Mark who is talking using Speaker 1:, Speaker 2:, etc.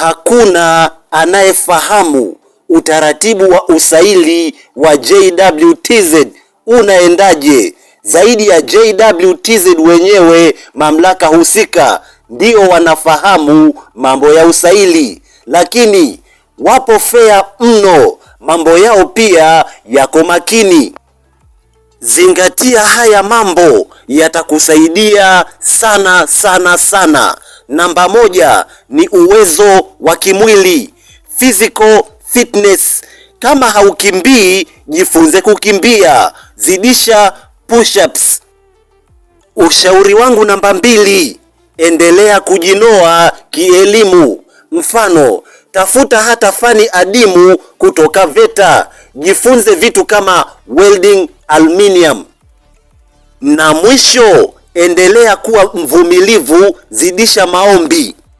Speaker 1: hakuna anayefahamu utaratibu wa usaili wa JWTZ unaendaje zaidi ya JWTZ wenyewe. Mamlaka husika ndio wanafahamu mambo ya usaili, lakini wapo fea mno, mambo yao pia yako makini. Zingatia haya mambo, yatakusaidia sana sana sana. Namba moja ni uwezo wa kimwili, physical fitness. Kama haukimbii, jifunze kukimbia, zidisha pushups. Ushauri wangu namba mbili, endelea kujinoa kielimu. Mfano, tafuta hata fani adimu kutoka VETA, jifunze vitu kama welding aluminium. Na mwisho endelea kuwa mvumilivu, zidisha maombi.